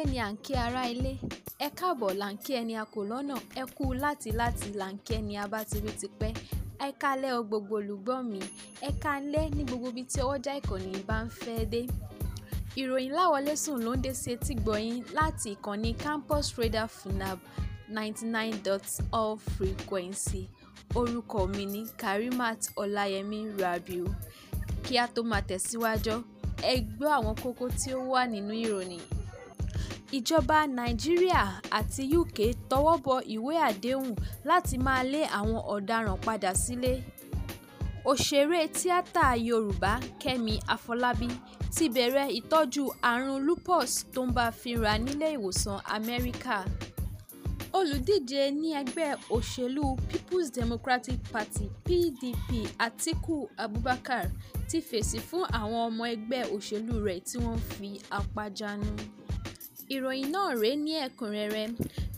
Ilé ni à ń kí ará ilé. Ẹ káàbọ̀ là ń kí ẹni a kò lọ́nà, ẹ kú láti láti là ń kí ẹni a bá ti rí tipẹ́. Ẹ káalẹ́ o gbogbo olùgbọ́ mi. Ẹ káalẹ́ ní gbogbo ibi tí ọwọ́jà ìkànnì bá ń fẹ́ dé. Ìròyìn láwọlé sùn ló ń dé sí etí gbọ̀yìn láti ìkànnì Campus Radar Funab 99.0 frequency. Orúkọ mi ni Karimat Ọláyẹmí Rabiu. Kí a tó máa tẹ̀síwájú, ẹ gbọ́ àwọn kókó tí ó wà nínú ìròyìn ìjọba nàìjíríà àti uk tọwọ́ bọ ìwé àdéhùn láti máa lé àwọn ọ̀daràn padà sílé òṣèré tíátà yorùbá kẹ́mi àfọlábí ti bẹ̀rẹ̀ ìtọ́jú àrùn lupus tó ń bá a fínra nílé ìwòsàn amẹ́ríkà olùdíje ní ẹgbẹ́ òṣèlú people's democratic party pdp atiku abubakar ti fèsì fún àwọn ọmọ ẹgbẹ́ òṣèlú rẹ̀ tí wọ́n fi apá jánu ìròyìn náà rèé ní ẹ̀kúnrẹ́rẹ́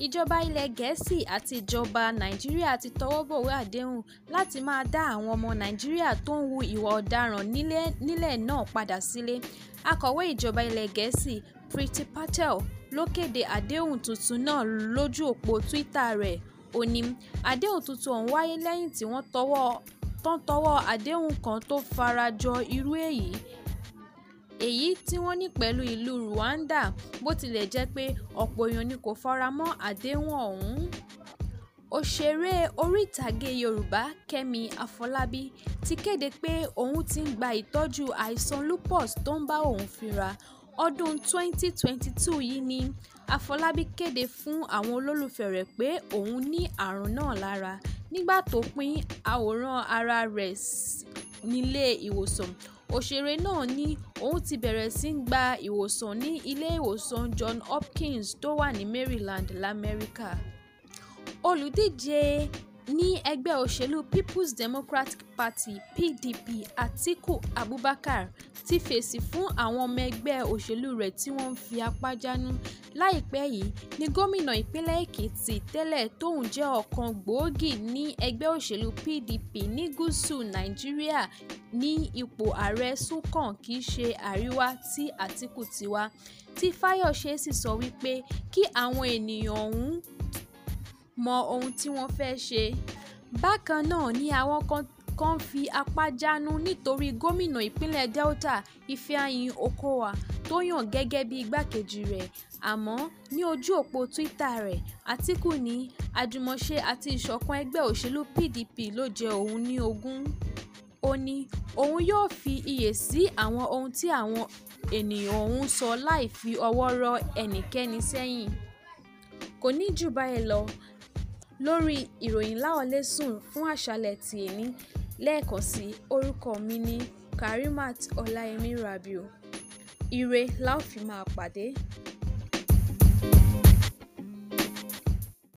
ìjọba ilẹ̀ gẹ̀ẹ́sì àti ìjọba nàìjíríà ti tọwọ́ bọ̀wé àdéhùn láti máa dá àwọn ọmọ nàìjíríà tó ń hu ìwà ọ̀daràn nílẹ̀ náà padà sílé akọ̀wé ìjọba ilẹ̀ gẹ̀ẹ́sì priti patel ló kéde àdéhùn tuntun náà lójú òpó twitter rẹ̀ ó ní àdéhùn tuntun ọ̀hún wáyé lẹ́yìn tí wọ́n tọwọ́ àdéhùn kan tó farajọ irú èyí èyí tí wọ́n ní pẹ̀lú ìlú Rwanda bó tilẹ̀ jẹ́ pé ọ̀pọ̀ èèyàn ni kò fara mọ́ àdéhùn ọ̀hún. Òṣèré orí ìtàgé Yorùbá Kẹ́mi Àfọlábí ti kéde pé òun ti ń gba ìtọ́jú àìsàn lupus tó ń bá òun fínra ọdún 2022 yìí ni Àfọlábí kéde fún àwọn olólùfẹ́ rẹ̀ pé òun ní àrùn náà lára nígbà tó pín àwòrán ara rẹ̀ nílé ìwòsàn Òṣèré náà ní òun ti bẹ̀rẹ̀ sí í gba ìwòsàn ní ilé ìwòsàn Johns Hopkins tó wà ní Maryland, Lamẹ́ríkà. Olùdíje ní ẹgbẹ́ òṣèlú people's democratic party pdp atiku abubakar ti fèsì fún àwọn ọmọ ẹgbẹ́ òṣèlú rẹ̀ tí wọ́n ń fi apá jánu láìpẹ́ yìí ní gómìnà ìpínlẹ̀ èkìtì tẹ́lẹ̀ tóun jẹ́ ọ̀kan gbòógì ní ẹgbẹ́ òṣèlú pdp ní gúúsù nàìjíríà ní ipò ààrẹ sunkan kì í ṣe àríwá tí atiku ti wá tí fayose sì sọ wípé kí àwọn ènìyàn ọ̀hún mọ ohun tí wọ́n fẹ́ ṣe. Bákan náà ni àwọn kan fi apá jánu nítorí gómìnà ìpínlẹ̀ Delta Ifeanyi Okowa tó yàn gẹ́gẹ́ bí igbákejì rẹ̀. Àmọ́ ní ojú òpó Twitter rẹ̀, Atiku ní àjùmọ̀ṣe àti ìṣọ̀kan ẹgbẹ́ òṣèlú PDP ló jẹ òun ní ogún. Ó ní òun yóò fi iyè sí àwọn ohun tí àwọn ènìyàn òun sọ láì fi ọwọ́ rọ́ ẹnikẹ́ni sẹ́yìn. Kò ní jù báyìí lọ lórí ìròyìn láọlẹ́sùn fún àṣálẹ́ ti èní lẹ́ẹ̀kan sí orúkọ mi ní karimat ọláyẹmí rabiu ire la ó fi máa pàdé